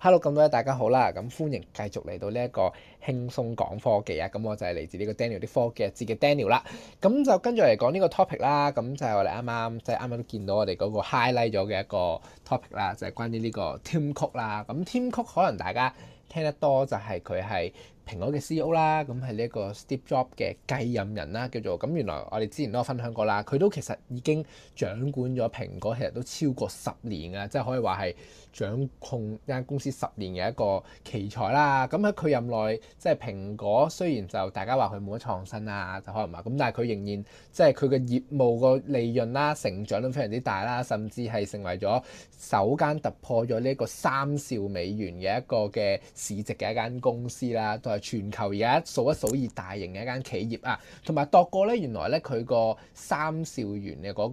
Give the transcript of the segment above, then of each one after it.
hello，咁多位大家好啦，咁歡迎繼續嚟到呢一個輕鬆講科技啊，咁我就係嚟自呢個 Daniel 啲科技節嘅 Daniel 啦，咁就跟住嚟講呢個 topic 啦，咁就我哋啱啱即係啱啱都見到我哋嗰個 highlight 咗嘅一個 topic 啦，就係關於呢個 t e a m 曲 o 啦，咁 t e a m 曲可能大家聽得多就係佢係蘋果嘅 CEO 啦，咁係呢一個 Steve Jobs 嘅繼任人啦，叫做咁原來我哋之前都有分享過啦，佢都其實已經掌管咗蘋果其實都超過十年啊，即係可以話係。掌控間公司十年嘅一個奇才啦，咁喺佢任內，即係蘋果雖然就大家話佢冇乜創新啦、啊，就可能話咁，但係佢仍然即係佢嘅業務個利潤啦、成長都非常之大啦，甚至係成為咗首間突破咗呢一個三兆美元嘅一個嘅市值嘅一間公司啦，都係全球而家數一數二大型嘅一間企業啊，同埋度過呢，原來呢，佢個三兆元嘅嗰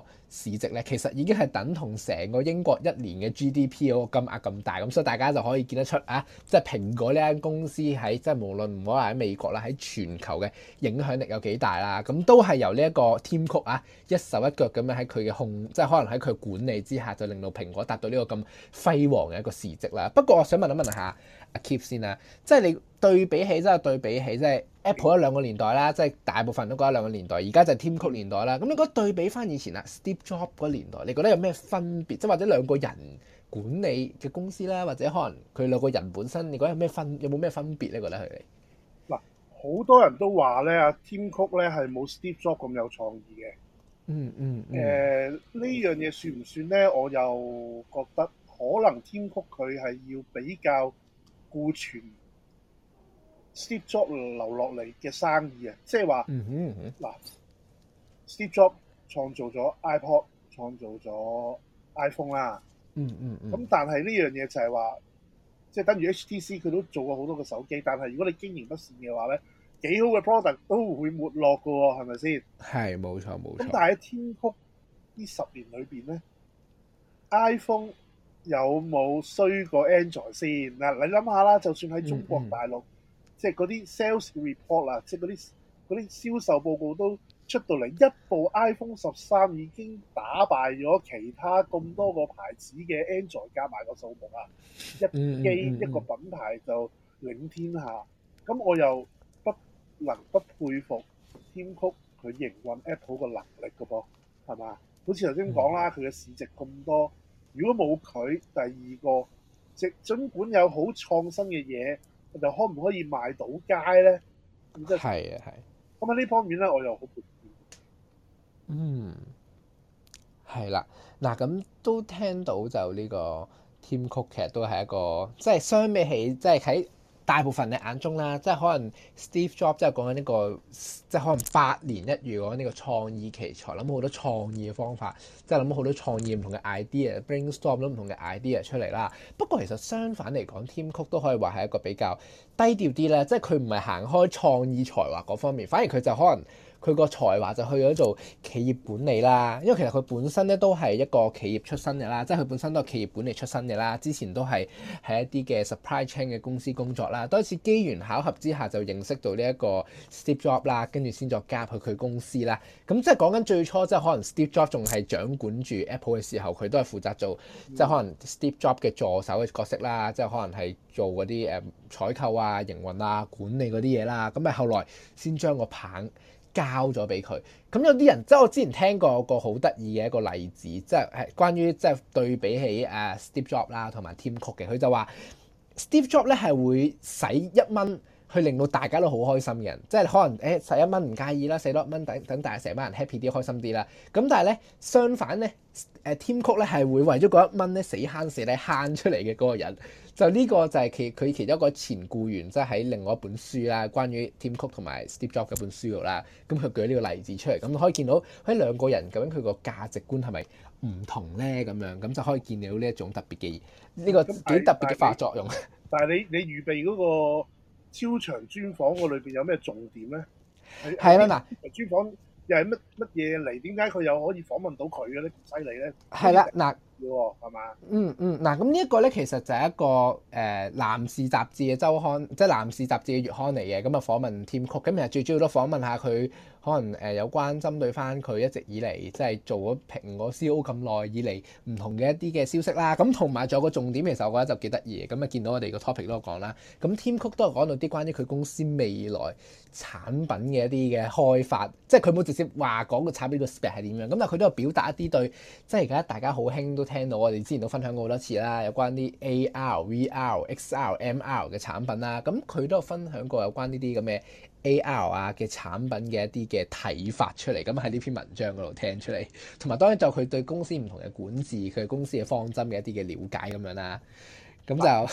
個，市值咧，其實已經係等同成個英國一年嘅 GDP 嗰個金額咁大，咁所以大家就可以見得出啊，即係蘋果呢間公司喺即係無論唔好話喺美國啦，喺全球嘅影響力有幾大啦，咁都係由呢一個 team 曲啊一手一腳咁樣喺佢嘅控，即係可能喺佢管理之下，就令到蘋果達到呢個咁輝煌嘅一個市值啦。不過我想問一問，問一下阿 Keep 先啊，即係你。對比起真係對比起即係 Apple 一兩個年代啦，即係大部分都覺得兩個年代，而家就係 Tim Cook 年代啦。咁你覺得對比翻以前啊，Steve Jobs 個年代，你覺得有咩分別？即或者兩個人管理嘅公司啦，或者可能佢兩個人本身，你覺得有咩分？有冇咩分別呢？覺得佢哋嗱，好多人都話咧，阿 Tim Cook 咧係冇 Steve Jobs 咁有創意嘅。嗯嗯誒，呢樣嘢算唔算咧？我又覺得可能 Tim Cook 佢係要比較顧全 Steve Jobs 留落嚟嘅生意啊，即係話嗯哼，嗱，Steve Jobs 創造咗 i p o d 創造咗 iPhone 啦。嗯嗯嗯。咁但係呢樣嘢就係話，即、就、係、是、等於 HTC 佢都做過好多個手機，但係如果你經營不善嘅話咧，幾好嘅 product 都會沒落噶喎、哦，係咪先？係，冇錯冇錯。咁但係喺天谷呢十年裏邊咧，iPhone 有冇衰過 Android 先？嗱、啊，你諗下啦，就算喺中國大陸。嗯嗯即係嗰啲 sales report 啦，即係嗰啲啲銷售報告都出到嚟，一部 iPhone 十三已經打敗咗其他咁多個牌子嘅 Android 加埋個數目啊！一機、mm hmm. 一個品牌就領天下，咁我又不能不佩服 Tim Cook 佢營運 Apple 嘅能力㗎噃，係嘛？好似頭先講啦，佢嘅、mm hmm. 市值咁多，如果冇佢第二個，即係儘管有好創新嘅嘢。就可唔可以賣到街咧？咁即係啊，係。咁喺呢方面咧，我又好佩服。嗯，係啦。嗱，咁都聽到就呢個 Tim Cook 其實都係一個，即係相比起，即係喺。大部分你眼中啦，即係可能 Steve Jobs 即係講緊呢個，即係可能八年一遇講緊呢個創意奇才，諗好多創意嘅方法，即係諗好多創意唔同嘅 idea，brainstorm 咗唔同嘅 idea 出嚟啦。不過其實相反嚟講，Tim Cook 都可以話係一個比較低調啲咧，即係佢唔係行開創意才華嗰方面，反而佢就可能。佢個才華就去咗做企業管理啦，因為其實佢本身咧都係一個企業出身嘅啦，即係佢本身都係企業管理出身嘅啦。之前都係喺一啲嘅 supply chain 嘅公司工作啦，當一次機緣巧合之下就認識到呢一個 Steve Jobs 啦，跟住先再加入佢公司啦。咁即係講緊最初即係可能 Steve Jobs 仲係掌管住 Apple 嘅時候，佢都係負責做即係可能 Steve Jobs 嘅助手嘅角色啦，即係可能係做嗰啲誒採購啊、營運啊、管理嗰啲嘢啦。咁咪後來先將個棒。交咗俾佢咁有啲人即係我之前聽過個好得意嘅一個例子，即係係關於即係對比起誒 Steve Jobs 啦同埋 Team 曲嘅，佢就話 Steve Jobs 咧係會使一蚊去令到大家都好開心嘅，人，即係可能誒使一蚊唔介意啦，使多一蚊等等，大家成班人 happy 啲，開心啲啦。咁但係咧相反咧誒 Team 曲咧係會為咗嗰一蚊咧死慳死咧慳出嚟嘅嗰個人。就呢個就係其佢其中一個前僱員，即係喺另外一本書啦，關於 Tim Cook 同埋 Steve Jobs 嗰本書度啦。咁佢舉呢個例子出嚟，咁可以見到喺兩個人咁樣，佢個價值觀係咪唔同咧？咁樣咁就可以見到呢一種特別嘅呢、呢個幾特別嘅化作用。但係你你預備嗰個超長專訪，個裏邊有咩重點咧？係啦，嗱，專訪又係乜乜嘢嚟？點解佢又可以訪問到佢嘅咧？犀利咧？係啦的，嗱、啊。係嘛、嗯？嗯嗯，嗱，咁呢一個咧，其實就係一個誒、呃、男士雜誌嘅周刊，即係男士雜誌嘅月刊嚟嘅。咁啊，訪問添曲，咁其實，最主要都訪問下佢可能誒有關針對翻佢一直以嚟即係做咗蘋果 C.O. 咁耐以嚟唔同嘅一啲嘅消息啦。咁同埋仲有個重點，其實我覺得就幾得意咁啊，就見到我哋個 topic 都講啦，咁添曲都係講到啲關於佢公司未來產品嘅一啲嘅開發，即係佢冇直接話講個產品個 spec 係點樣。咁但佢都有表達一啲對，即係而家大家好興都。聽到我哋之前都分享過好多次啦，有關啲 A.R.V.R.X.R.M.R. 嘅產品啦，咁佢都有分享過有關呢啲咁嘅 A.R. 啊嘅產品嘅一啲嘅睇法出嚟，咁喺呢篇文章嗰度聽出嚟，同埋當然就佢對公司唔同嘅管治佢公司嘅方針嘅一啲嘅了解咁樣啦。咁就嗱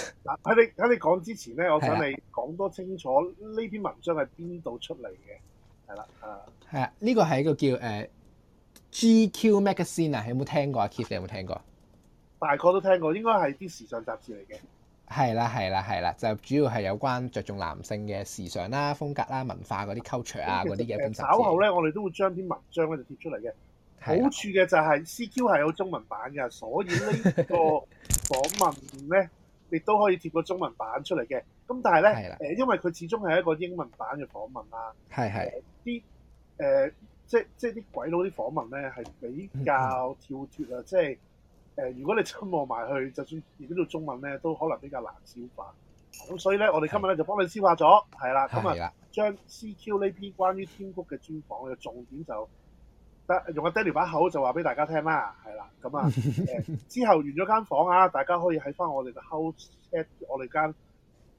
喺你喺你講之前咧，我想你講多清楚呢篇文章係邊度出嚟嘅？係啦，係啊，呢、這個係一個叫誒、uh, GQ Magazine、啊、有冇聽過啊？Keith 你有冇聽過？大概都聽過，應該係啲時尚雜誌嚟嘅。係啦，係 啦，係、嗯、啦，就主要係有關着重男性嘅時尚啦、風格啦、文化嗰啲 culture 啊嗰啲嘢咁。稍後咧，我哋都會將啲文章咧就貼出嚟嘅。的好處嘅就係 GQ 係有中文版嘅，所以呢個訪問咧，亦 都可以貼個中文版出嚟嘅。咁但係咧，誒的、呃，因為佢始終係一個英文版嘅訪問啦。係係的。啲誒、呃呃，即即啲鬼佬啲訪問咧係比較跳脱啊， 即係。誒，如果你親望埋去，就算而家做中文咧，都可能比較難消化。咁所以咧，我哋今日咧就幫你消化咗，係啦的。今日將 GQ 呢篇關於 Tim Cook 嘅專訪嘅重點就得，用阿 Daniel 把口就話俾大家聽啦，係啦。咁、嗯、啊、嗯嗯，之後完咗間房啊，大家可以喺翻我哋嘅 house chat，我哋間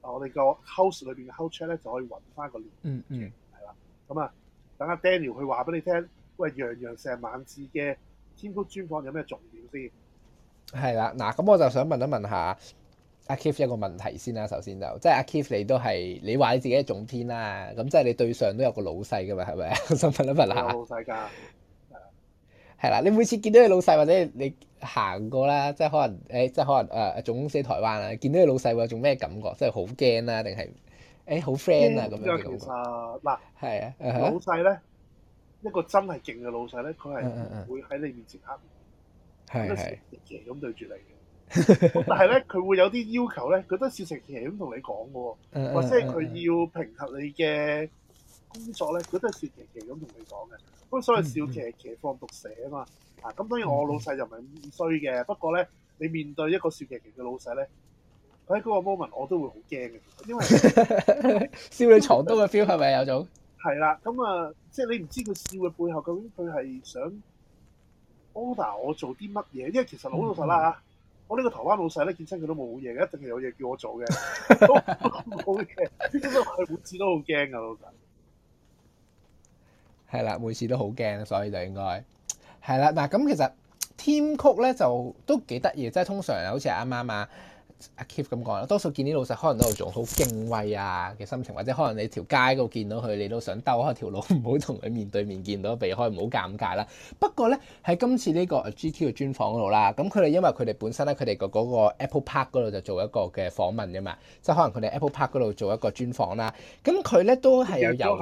我哋個 house 裏邊嘅 house chat 咧就可以揾翻個鏈嘅，係啦。咁啊，等阿 Daniel 去話俾你聽，喂，洋洋成萬字嘅 Tim Cook 專訪有咩重點先？係啦，嗱，咁我就想問一問一下阿 Keith 一個問題先啦。首先就，即係阿 Keith 你都係你話你自己係總編啦，咁即係你對上都有個老細㗎嘛，係咪？我想問一問一下。老細㗎。係啦，你每次見到你老細或者你行過啦，即係可能誒，即係可能誒、呃、總公司台灣啊，見到你老細會有種咩感覺？即係好驚呀，定係誒好 friend 啊咁、嗯、樣嘅感覺？嗱，係啊，的老細咧一個真係勁嘅老細咧，佢係會喺你面前佢都笑騎騎咁對住你嘅，但係咧佢會有啲要求咧，佢都笑騎騎咁同你講嘅，或者係佢要評核你嘅工作咧，佢都笑騎騎咁同你講嘅。咁所謂笑騎騎放毒蛇啊嘛，啊咁當然我老細又唔係咁衰嘅，不過咧你面對一個笑騎騎嘅老細咧，佢喺嗰個 moment 我都會好驚嘅，因為 笑裏藏刀嘅 feel 係咪有種？係啦、 嗯，咁啊、嗯嗯嗯，即係你唔知佢笑嘅背後究竟佢係想。我嗱，我做啲乜嘢？因為其實好老實啦吓，我呢個台灣老細咧，見親佢都冇嘢嘅，一定係有嘢叫我做嘅。冇嘢，每次都好驚噶老細。係啦，每次都好驚，所以就應該係啦。嗱，咁其實 Tim Cook 咧就都幾得意，即係通常又好似阿媽嘛。阿 Keep 咁講啦，多數見啲老細，可能都仲好敬畏啊嘅心情，或者可能你條街嗰度見到佢，你都想兜開條路，唔好同佢面對面見到，避開唔好尷尬啦。不過咧，喺今次呢個 GQ 嘅專訪嗰度啦，咁佢哋因為佢哋本身咧，佢哋個 Apple Park 嗰度就做一個嘅訪問啊嘛，即係可能佢哋 Apple Park 嗰度做一個專訪啦。咁佢咧都係要有。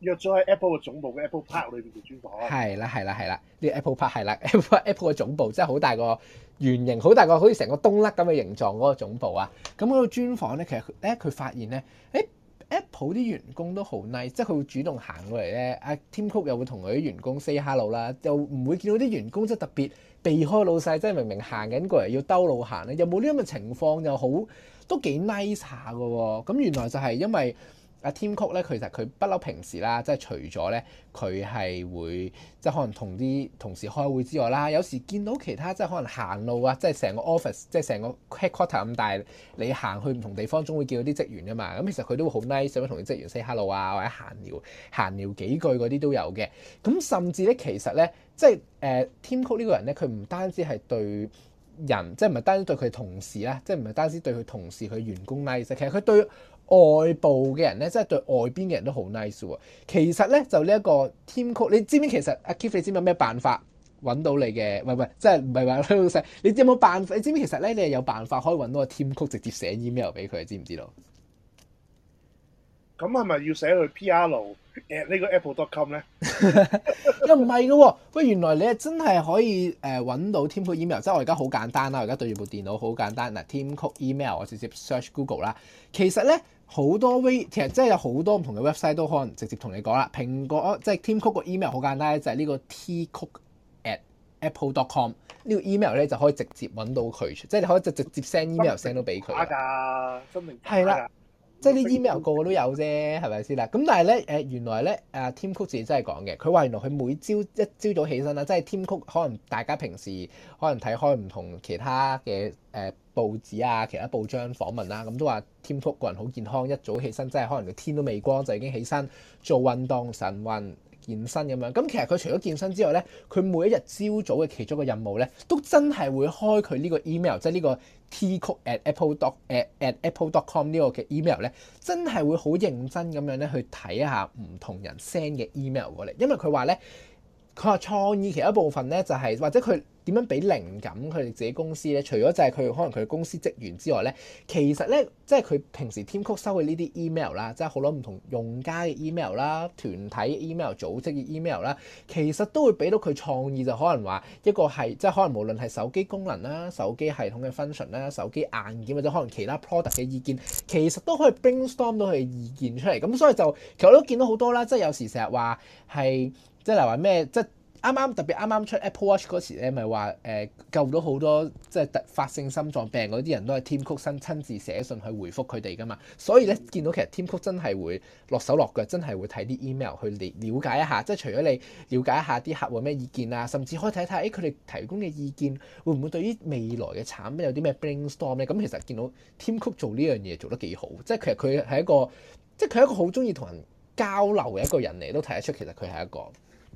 約咗喺 Apple 嘅總部嘅 Apple Park 裏邊嘅專訪啊，係啦係啦係啦，啲、這個、Apple Park 係啦，Apple Apple 嘅總部即係好大個圓形，好大個好似成個冬甩咁嘅形狀嗰個總部啊。咁、那、嗰個專訪咧，其實咧佢發現咧，誒、欸、Apple 啲員工都好 nice，即係佢會主動行過嚟咧。阿 Tim Cook 又會同佢啲員工 say hello 啦，又唔會見到啲員工即係特別避開老細，即係明明行緊過嚟要兜路行咧，又冇呢咁嘅情況，又好都幾 nice 下嘅、啊。咁原來就係因為。阿 Tim 曲咧，其實佢不嬲平時啦，即係除咗咧，佢係會即係可能同啲同事開會之外啦，有時見到其他即係可能行路啊，即係成個 office 即係成個 headquarter 咁大，你行去唔同地方，總會見到啲職員噶嘛。咁、嗯、其實佢都會好 nice，想同啲職員 say hello 啊，或者閒聊閒聊幾句嗰啲都有嘅。咁甚至咧，其實咧，即係誒、uh, Tim 曲呢個人咧，佢唔單止係對人，即係唔係單止對佢同事啦，即係唔係單止對佢同事佢員工 nice，其實佢對。外部嘅人咧，即係對外邊嘅人都好 nice 喎。其實咧，就呢一個 Tim Cook，你知唔知其實阿 Kif，你知唔知有咩辦法揾到你嘅？唔係唔係，即係唔係話香你有冇辦法？你知唔知其實咧，你係有辦法可以揾到 Tim Cook，直接寫 email 俾佢？知唔知道？咁係咪要寫去 p r at 呢個 apple dot com 咧？又唔係嘅喎，喂，原來你係真係可以誒揾、呃、到 Tim Cook email。即係我而家好簡單啦，我而家對住部電腦好簡單。嗱，Tim Cook email 我直接 search Google 啦。其實咧～好多 We 其實真係有好多唔同嘅 website 都可能直接同你講啦。蘋果即係、就是、Tim Cook 嘅 email 好簡單，就係、是、呢個 tcook@apple.com 呢個 email 咧就可以直接揾到佢，即、就、係、是、你可以就直接 send email send 到俾佢。係㗎，真係啦。即係啲 email 個個都有啫，係咪先啦？咁但係咧，誒原來咧，阿 Tim Cook 自己真係講嘅，佢話原來佢每朝一朝早，早起身啦，即係 Tim Cook 可能大家平時可能睇開唔同其他嘅誒報紙啊，其他報章訪問啦，咁都話 Tim Cook 個人好健康，一早起身即係可能個天都未光就已經起身做運動晨運。健身咁樣，咁其實佢除咗健身之外咧，佢每一日朝早嘅其中一個任務咧，都真係會開佢呢個 email，即係呢個 tcook@apple.com @apple.com 呢個嘅 email 咧，真係會好認真咁樣咧去睇一下唔同人 send 嘅 email 過嚟，因為佢話咧，佢話創意其實一部分咧就係、是、或者佢。點樣俾靈感佢哋自己公司咧？除咗就係佢可能佢公司職員之外咧，其實咧即係佢平時填曲收嘅呢啲 email 啦，即係好多唔同用家嘅 email 啦、團體 email、組織嘅 email 啦，其實都會俾到佢創意，就可能話一個係即係可能無論係手機功能啦、手機系統嘅 function 啦、手機硬件或者可能其他 product 嘅意見，其實都可以 brainstorm 到佢嘅意見出嚟。咁所以就其實我都見到好多啦，即係有時成日話係即係例如話咩即啱啱特別啱啱出 Apple Watch 嗰時咧，咪話誒救到好多即係突發性心臟病嗰啲人都係 Tim Cook 親自寫信去回覆佢哋噶嘛，所以咧見到其實 Tim Cook 真係會落手落腳，真係會睇啲 email 去了解一下，即係除咗你了解一下啲客戶咩意見啊，甚至可以睇睇誒佢哋提供嘅意見會唔會對於未來嘅產品有啲咩 brainstorm 咧？咁、嗯、其實見到 Tim Cook 做呢樣嘢做得幾好，即係其實佢係一個即係佢係一個好中意同人交流嘅一個人嚟，都睇得出其實佢係一個。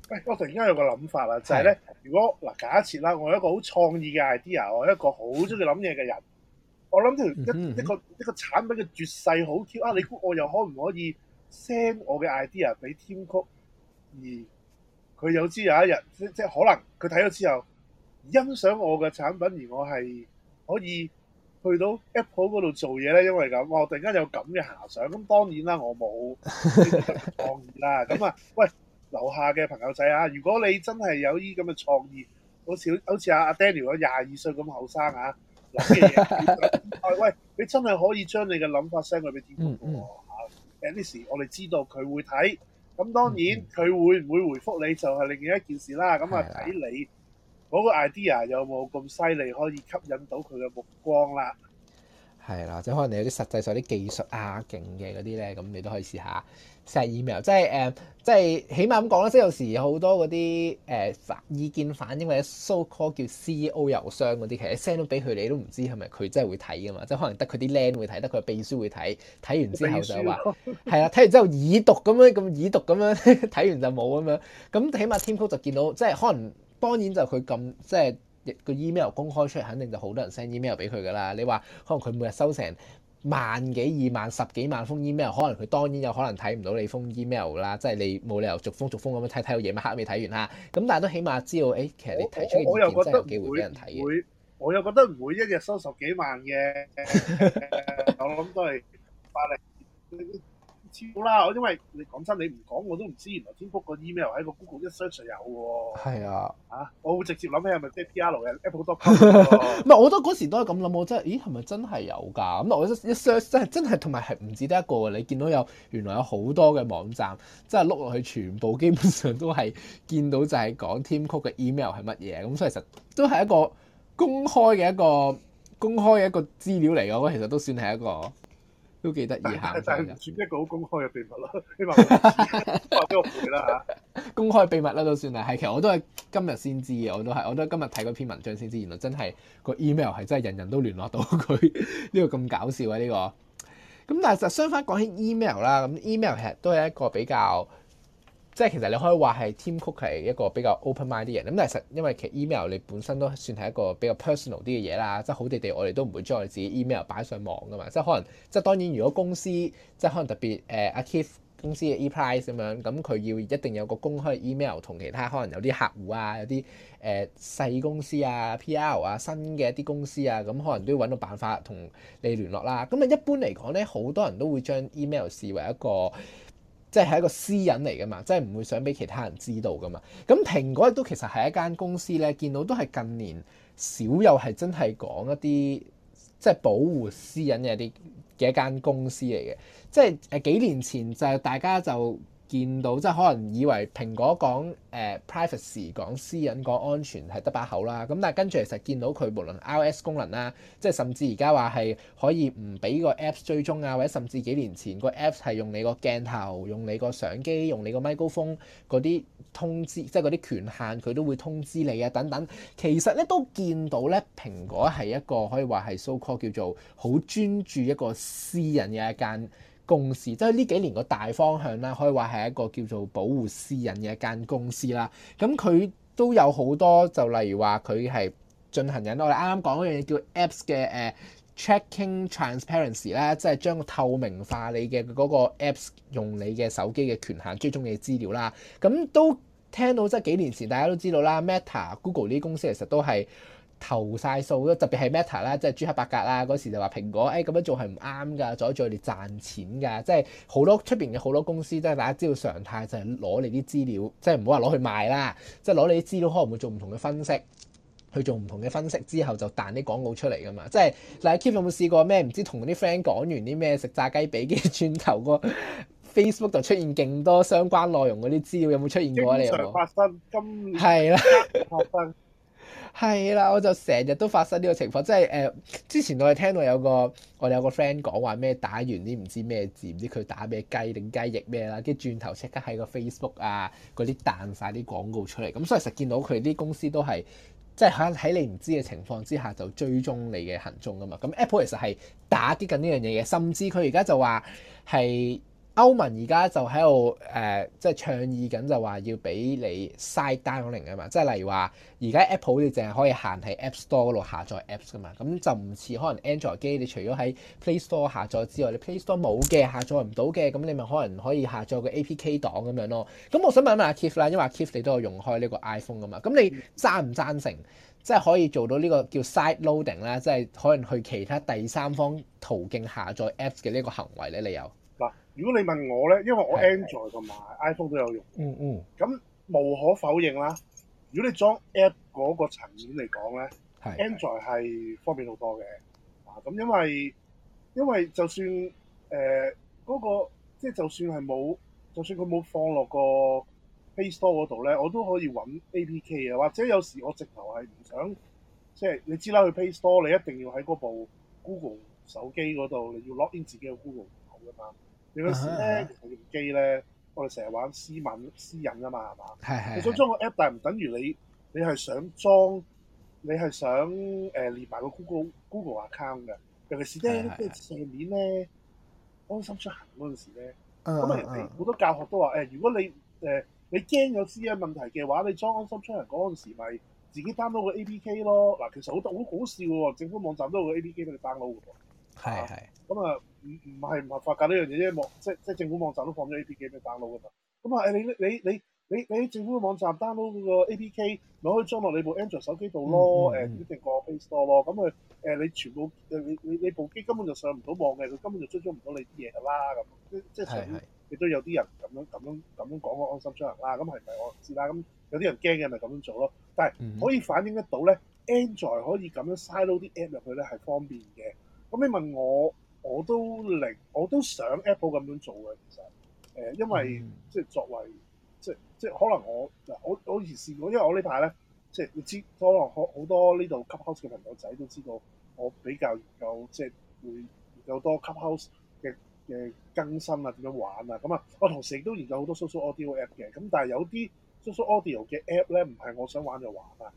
喂、哎，我突然間有個諗法啦，就係、是、咧，如果嗱假設啦，我有一個好創意嘅 idea，我係一個好中意諗嘢嘅人，我諗到一一個一個產品嘅絕世好橋啊，你估我又可唔可以 send 我嘅 idea 俾 Tim Cook？而佢又知有一日即即可能佢睇咗之後欣賞我嘅產品，而我係可以去到 Apple 嗰度做嘢咧，因為咁，我突然間有咁嘅遐想，咁當然啦，我冇創意啦，咁啊，喂。樓下嘅朋友仔啊，如果你真係有依咁嘅創意，好似好似阿阿 Daniel 咁廿二歲咁後生啊，諗嘅嘢， 喂，你真係可以將你嘅諗法 send 去俾天皇 a n n 我哋知道佢會睇，咁當然佢會唔會回覆你就係另一件事啦。咁啊睇你嗰個 idea 有冇咁犀利，可以吸引到佢嘅目光啦。係啦，即係可能你有啲實際上啲技術啊勁嘅嗰啲咧，咁、嗯、你都可以試下寫 email，即係誒、嗯，即係起碼咁講啦。即係有時有好多嗰啲誒反意見反應或者 so call 叫 CEO 郵箱嗰啲，其實 send 到俾佢你都唔知係咪佢真係會睇嘅嘛。即係可能得佢啲靚會睇，得佢秘書會睇。睇完之後就話係啦，睇秘書、 啊、完之後已讀咁樣，咁已讀咁樣睇完就冇咁樣。咁起碼 Tim Cook 就見到，即係可能當然就佢咁即係。個 email 公開出嚟，肯定就好多人 send email 俾佢㗎啦。你話可能佢每日收成萬幾、二萬、十幾萬封 email，可能佢當然有可能睇唔到你封 email 啦。即係你冇理由逐封逐封咁樣睇睇到夜晚黑未睇完啦。咁但係都起碼知道，誒、欸，其實你提出嘅意見真係有機會俾人睇嘅。我又覺得每一日收十幾萬嘅。我諗都係百零。超啦！我因為你講真，你唔講我都唔知。原來 Tim Cook 個 email 喺個 Google 一 search 有喎。係啊，啊，我會直接諗起係咪即係 PR 嘅 Apple 多？唔係、 啊，我都嗰時都係咁諗喎。我真係，咦？係咪真係有㗎？咁我一 search 真係真係同埋係唔止得一個嘅。你見到有原來有好多嘅網站，即係碌落去全部基本上都係見到就係講 Tim Cook 嘅 email 係乜嘢。咁所以其實都係一個公開嘅一個，一個公開嘅一個資料嚟嘅。我覺得其實都算係一個。都幾得意下，就係算一個好公開嘅秘密咯。你話俾我知啦，公開秘密啦都算啊。係，其實我都係今日先知嘅，我都係我都係今日睇嗰篇文章先知，原來真係個 email 係真係人人都聯絡到佢呢 個咁搞笑啊呢、這個。咁但係其實相反講起 email 啦，咁 email 其實都係一個比較。即係其實你可以話係 Tim Cook 係一個比較 open mind 啲人。咁但係實因為其實 email 你本身都算係一個比較 personal 啲嘅嘢啦，即係好地地我哋都唔會將自己 email 擺上網噶嘛，即係可能即係當然如果公司即係可能特別誒阿 Keith 公司嘅 ePrice 咁樣，咁佢要一定要有一個公開 email 同其他可能有啲客戶啊，有啲誒、呃、細公司啊、PR 啊、新嘅一啲公司啊，咁可能都要揾到辦法同你聯絡啦。咁啊一般嚟講咧，好多人都會將 email 視為一個。即係係一個私隱嚟噶嘛，即係唔會想俾其他人知道噶嘛。咁蘋果亦都其實係一間公司咧，見到都係近年少有係真係講一啲即係保護私隱嘅一啲嘅一間公司嚟嘅。即係誒幾年前就係大家就。見到即係可能以為蘋果講誒、呃、privacy 講私隱講安全係得把口啦，咁但係跟住其實見到佢無論 iOS 功能啦，即係甚至而家話係可以唔俾個 apps 追蹤啊，或者甚至幾年前、這個 apps 係用你個鏡頭、用你個相機、用你個麥克風嗰啲通知，即係嗰啲權限，佢都會通知你啊等等。其實咧都見到咧蘋果係一個可以話係 so called 叫做好專注一個私隱嘅一間。公司即係呢幾年個大方向啦，可以話係一個叫做保護私隱嘅一間公司啦。咁、嗯、佢都有好多就例如話佢係進行緊我哋啱啱講嗰樣嘢叫 Apps 嘅誒 tracking、uh, transparency 啦，即係將透明化你嘅嗰個 Apps 用你嘅手機嘅權限追蹤你嘅資料啦。咁、嗯、都聽到即係幾年前大家都知道啦，Meta、Meta, Google 呢啲公司其實都係，投曬數，特別係 Meta 啦，即係朱克伯格啦，嗰時就話蘋果誒咁樣做係唔啱㗎，阻住我哋賺錢㗎，即係好多出邊嘅好多公司即係大家知道常態就係攞你啲資料，即係唔好話攞去賣啦，即係攞你啲資料可能會做唔同嘅分析，去做唔同嘅分析之後就彈啲廣告出嚟㗎嘛，即係。阿 Keep 有冇試過咩？唔知同啲 friend 講完啲咩食炸雞髀嘅，轉 頭個 Facebook 就出現勁多相關內容嗰啲資料，有冇出現過？你有冇發生？係啦，係啦，我就成日都發生呢個情況，即係誒、呃、之前我哋聽到有個我哋有個 friend 講話咩打完啲唔知咩字，唔知佢打咩雞定雞翼咩啦，跟住轉頭即刻喺個 Facebook 啊嗰啲彈晒啲廣告出嚟，咁、嗯、所以實見到佢啲公司都係即係喺喺你唔知嘅情況之下就追蹤你嘅行蹤啊嘛，咁、嗯、Apple 其實係打擊緊呢樣嘢嘅，甚至佢而家就話係。歐文而家就喺度誒，即係倡議緊，就話要俾你 side downloading 啊嘛，即係例如話而家 Apple 你淨係可以限喺 App Store 嗰度下載 Apps 噶嘛，咁就唔似可能 Android 機，你除咗喺 Play Store 下載之外，你 Play Store 冇嘅下載唔到嘅，咁你咪可能可以下載個 APK 檔咁樣咯。咁我想問一問阿 Kif 啦，因為阿 Kif 你都有用開呢個 iPhone 噶嘛，咁你贊唔贊成即係可以做到呢個叫 side loading 啦，即係可能去其他第三方途徑下載 Apps 嘅呢個行為咧？你有？如果你問我咧，因為我 Android 同埋 iPhone 都有用，嗯嗯是，咁無可否認啦。如果你裝 app 嗰個層面嚟講咧，係是 Android 係方便好多嘅是啊。咁因為因為就算誒嗰個即係，就算係冇，就算佢冇放落個 Play Store 嗰度咧，我都可以揾 APK 啊。或者有時我直頭係唔想即係、就是、你知啦，去 Play Store 你一定要喺嗰部 Google 手機嗰度，你要 log in 自己嘅 Google account 噶嘛。有、uh huh. 時咧，用機咧，我哋成日玩私敏私隱啊嘛，係嘛？係係、uh。你、huh. 想裝個 app，但唔等於你你係想裝，你係想誒、呃、連埋個 Google Google account 嘅。尤其是咧，即係、uh huh. 上面咧，安心出行嗰陣時咧，咁啊人哋好多教學都話誒、呃，如果你誒、呃、你驚有私隱問題嘅話，你裝安心出行嗰陣時咪自己 download 個 APK 咯。嗱，其實好好搞笑喎，政府網站都有個 APK 俾你 download 㗎喎。係。咁啊～唔唔係唔合法噶呢樣嘢啫，網即即政府網站都放咗 A P K 俾 download 噶嘛。咁啊，誒你你你你你喺政府網站 download 嗰個 A P K，你可以裝落你部 Android 手機度咯。誒，一定個 Face Store 咯。咁啊，誒你全部誒你你你部機根本就上唔到網嘅，佢根本就追蹤唔到你啲嘢噶啦。咁即即係你都有啲人咁樣咁樣咁樣講個安心出行啦。咁係咪我唔知啦。咁有啲人驚嘅咪咁樣做咯。但係可以反映得到咧，Android 可以咁樣 side load 啲 app 入去咧，係方便嘅。咁你問我？我都力，我都想 Apple 咁樣做嘅，其實，誒、呃，因為、mm hmm. 即係作為，即即，即可能我嗱，我我以前試過，因為我呢排咧，即係你知，可能好好多呢度 Clubhouse 嘅朋友仔都知道，我比較研究即係會有多 Clubhouse 嘅嘅更新啊，點樣玩啊，咁啊，我同時亦都研究好多 social audio app 嘅，咁但係有啲 social audio 嘅 app 咧，唔係我想玩就玩啊，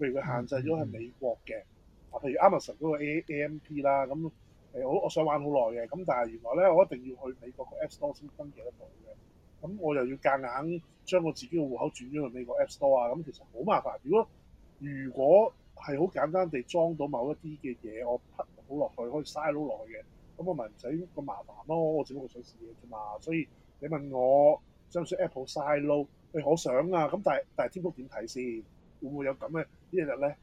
譬如佢限制咗係美國嘅，嗱、mm hmm. 啊，譬如 Amazon 嗰個 AAMP 啦、啊，咁、嗯。誒，我我想玩好耐嘅，咁但係原來咧，我一定要去美國個 App Store 先登記得到嘅，咁我又要夾硬將我自己嘅戶口轉咗去美國 App Store 啊，咁其實好麻煩。如果如果係好簡單地裝到某一啲嘅嘢，我批好落去，可以 side load 落去嘅，咁我咪唔使咁麻煩咯。我只不過想試嘢啫嘛，所以你問我想唔想 Apple side load、哎、想啊，咁但係但係天福點睇先？會唔會有咁嘅一日咧？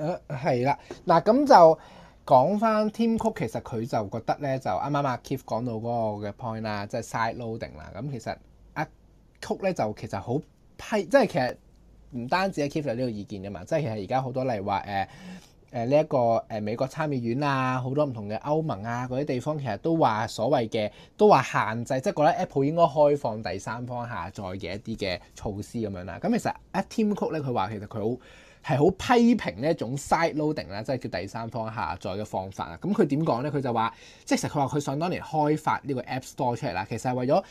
誒係啦，嗱、咁、嗯、就講翻 Tim Cook，其實佢就覺得咧就啱啱阿 Keith 講到嗰個嘅 point 啦，即係 side loading 啦。咁其實啊 Cook 咧就其實好批，即係其實唔單止啊 Keith 有呢個意見嘅嘛，即係其實而家好多例話誒誒呢一個誒美國參議院啊，好多唔同嘅歐盟啊嗰啲地方，其實都話所謂嘅都話限制，即係覺得 Apple 應該開放第三方下載嘅一啲嘅措施咁樣啦。咁其實啊 Tim Cook 咧，佢話其實佢好。係好批評呢一種 side loading 咧，即係叫第三方下載嘅方法啊！咁佢點講咧？佢就話，即係其實佢話佢想當年開發呢個 App Store 出嚟啦，其實係為咗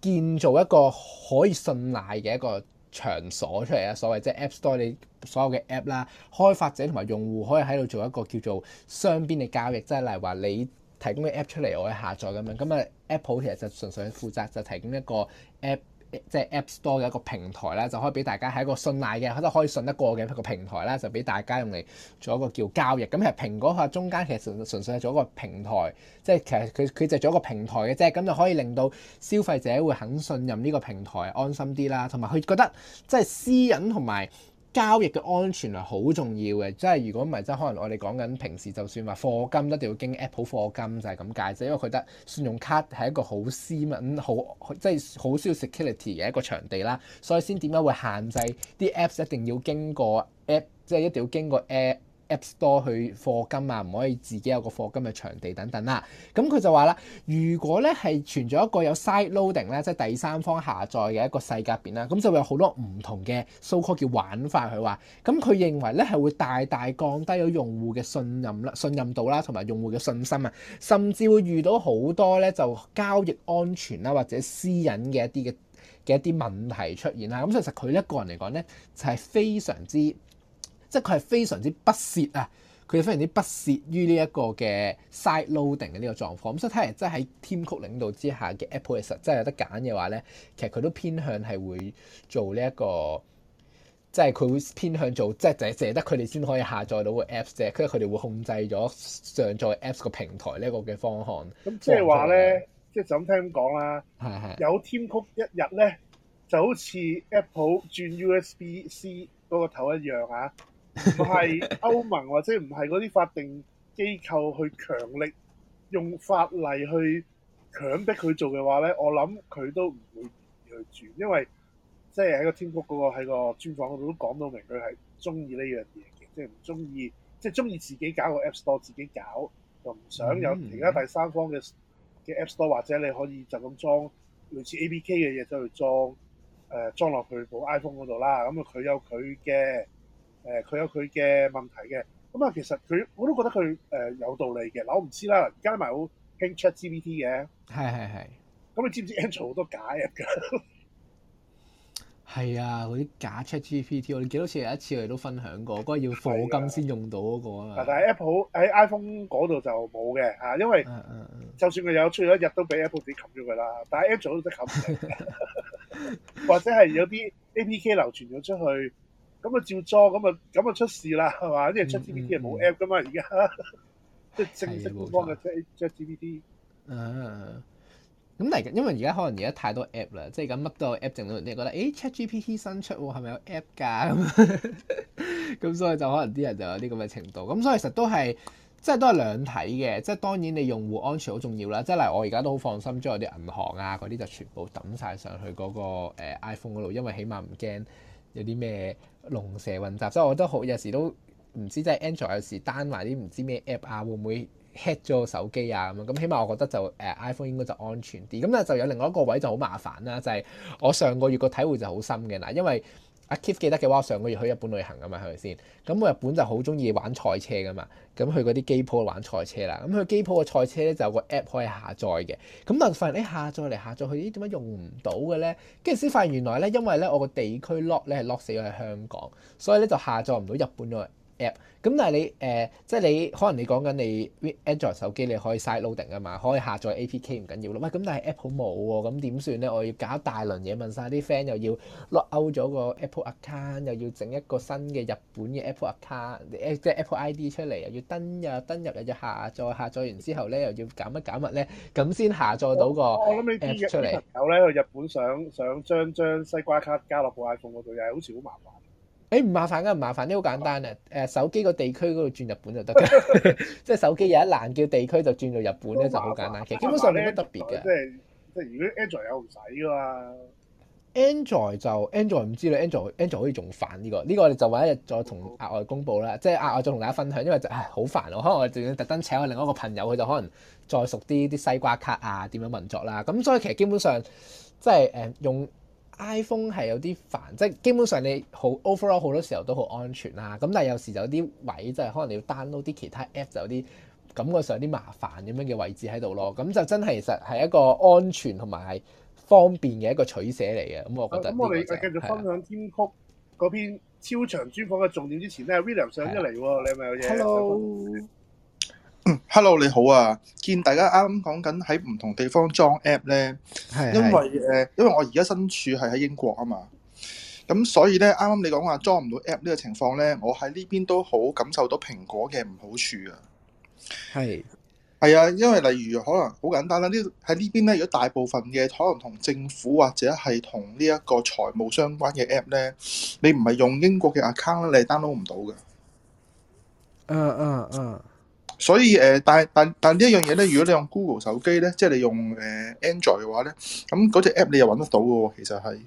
建造一個可以信賴嘅一個場所出嚟啊！所謂即係 App Store 你所有嘅 App 啦，開發者同埋用戶可以喺度做一個叫做雙邊嘅交易，即係例如話你提供個 App 出嚟，我去下載咁樣，咁啊 Apple 其實就純粹負責就提供一個 App。即係 App Store 嘅一個平台啦，就可以俾大家係一個信賴嘅，或者可以信得過嘅一個平台啦，就俾大家用嚟做一個叫交易。咁其實蘋果下中間其實純純粹係做一個平台，即係其實佢佢就做一個平台嘅啫，咁就可以令到消費者會肯信任呢個平台安心啲啦，同埋佢覺得即係私隱同埋。交易嘅安全係好重要嘅，即係如果唔係，即係可能我哋講緊平時就算話課金一定要經 Apple 課金就係咁解啫，因為佢得信用卡係一個好私密、好即係好需要 security 嘅一個場地啦，所以先點解會限制啲 Apps 一定要經過 App，即係一定要經過 App。Apps Store 去課金啊，唔可以自己有個課金嘅場地等等啦。咁佢就話啦，如果咧係存在一個有 side loading 咧，即係第三方下載嘅一個世界入邊啦，咁就會有好多唔同嘅 so called 玩法。佢話，咁佢認為咧係會大大降低咗用戶嘅信任啦、信任度啦，同埋用戶嘅信心啊，甚至會遇到好多咧就交易安全啦或者私隱嘅一啲嘅嘅一啲問題出現啦。咁其實佢一個人嚟講咧，就係非常之。即係佢係非常之不屑啊！佢哋非常之不屑於呢一個嘅 side loading 嘅呢個狀況。咁所以睇嚟，即係喺 Tim Cook 領導之下嘅 Apple，其實真係有得揀嘅話咧，其實佢都偏向係會做呢、這、一個，即係佢會偏向做，即係淨係得佢哋先可以下載到個 Apps 啫。因為佢哋會控制咗上載 Apps 個平台呢個嘅方向。咁即係話咧，即係就咁聽講啦。係係是是 有 Tim Cook 一日咧，就好似 Apple 轉 USB-C 嗰個頭一樣嚇、啊。唔係 歐盟或者唔係嗰啲法定機構去強力用法例去強迫佢做嘅話呢，我諗佢都唔會願意去轉，因為即係喺個 GQ 嗰、那個喺個專訪嗰度都講到明，佢係中意呢樣嘢嘅，即係唔中意即係中意自己搞個 App Store 自己搞，又唔想有其他第三方嘅嘅 App Store，或者你可以就咁裝類似 APK 嘅嘢都去裝誒裝落佢部 iPhone 嗰度啦。咁、呃、啊，佢、嗯、有佢嘅。誒佢、呃、有佢嘅問題嘅，咁、嗯、啊其實佢我都覺得佢誒、呃、有道理嘅，嗱我唔知啦，而家咪好興 ChatGPT 嘅，係係係。咁、嗯、你知唔知 Android 好多假 Apps 㗎？係 啊，嗰啲假 ChatGPT，我哋幾多次，有一次我哋都分享過，嗰個要課金先用到嗰、那個啊。但係 Apple 喺 iPhone 嗰度就冇嘅嚇，因為就算佢有出咗一日，都俾 Apple 自己冚咗佢啦。但係 Android 都識冚， 或者係有啲 APK 流傳咗出去。咁啊照裝，咁啊咁啊出事啦，係嘛？因為出 GPT 係冇 app 噶嘛，而家即係正式官方嘅出 GPT。嗯。咁但係，因為而家可能而家太多 app 啦，即係而家乜都有 app，整到你覺得，誒 ChatGPT 新出喎，係咪有 app 㗎？咁，咁所以就可能啲人就有啲咁嘅程度。咁所以其實都係，即係都係兩睇嘅。即係當然你用戶安全好重要啦。即係例如我而家都好放心，將我啲銀行啊嗰啲就全部抌晒上去嗰個 iPhone 嗰度，因為起碼唔驚有啲咩。龍蛇混雜，所以我覺得好有時都唔知，即係 Android 有時 down 埋啲唔知咩 app 啊，會唔會 hit 咗個手機啊咁樣？咁起碼我覺得就誒 iPhone 應該就安全啲。咁咧就有另外一個位就好麻煩啦，就係我上個月個體會就好深嘅嗱，因為。阿 Kip e 記得嘅話，我上個月去日本旅行啊嘛，係咪先？咁我日本就好中意玩賽車噶嘛，咁去嗰啲機鋪玩賽車啦。咁去機鋪嘅賽車咧就有個 app 可以下載嘅。咁就發現咧、欸、下載嚟下載去，咦點解用唔到嘅咧？跟住先發現原來咧，因為咧我個地區 lock 咧係 lock 死咗喺香港，所以咧就下載唔到日本咯。咁、嗯、但係你誒、呃，即係你可能你講緊你 Android 手機，你可以 side loading 啊嘛，可以下載 APK 唔緊要咯。喂，咁但係 Apple 冇喎、啊，咁點算咧？我要搞大輪嘢問晒啲 friend，又要 lock out 咗個 Apple account，又要整一個新嘅日本嘅 Apple account，Apple 即 Apple ID 出嚟，又要登入登入，又要下載下載完之後咧，又要搞乜搞乜咧，咁先下載到個我諗你 app 出嚟有咧，去日本想想將將西瓜卡加落部 iPhone 度，又係好似好麻煩。誒唔麻煩噶，唔麻煩，啲好簡單啊！誒的手機個地區嗰度轉日本就得嘅，即係手機有一欄叫地區就轉到日本咧，就好簡單嘅。其實基本上冇乜特別嘅，即係即係如果 Android 有唔使噶嘛。Android 就 Android 唔知啦，Android Android 好似仲煩呢個？呢、這個我哋就話一日再同額外公布啦，即係額外再同大家分享，因為就係好煩喎，可能我仲要特登請我另外一個朋友，佢就可能再熟啲啲西瓜卡啊點樣運作啦，咁所以其實基本上即係誒用。用用 iPhone 係有啲煩，即係基本上你好 overall 好多時候都好安全啦。咁但係有時有就有啲位，即係可能你要 download 啲其他 app 就有啲感覺上有啲麻煩咁樣嘅位置喺度咯。咁就真係其實係一個安全同埋方便嘅一個取捨嚟嘅。咁我覺得、就是。咁、啊嗯嗯、我哋喺繼續分享 GQ 嗰篇超長專訪嘅重點之前咧，William 上咗嚟，的你係咪有嘢？Hello? Hello，你好啊！見大家啱啱講緊喺唔同地方裝 app 咧，是是因為誒、呃，因為我而家身處係喺英國啊嘛，咁所以咧啱啱你講話裝唔到 app 呢個情況咧，我喺呢邊都好感受到蘋果嘅唔好處啊。係係係啊，因為例如可能好簡單啦，邊呢喺呢邊咧，如果大部分嘅可能同政府或者係同呢一個財務相關嘅 app 咧，你唔係用英國嘅 account 咧，你 download 唔到嘅。嗯嗯嗯。所以誒、呃，但但但呢一樣嘢咧，如果你用 Google 手機咧，即係你用誒 Android 嘅話咧，咁嗰隻 app 你又揾得到喎，其實係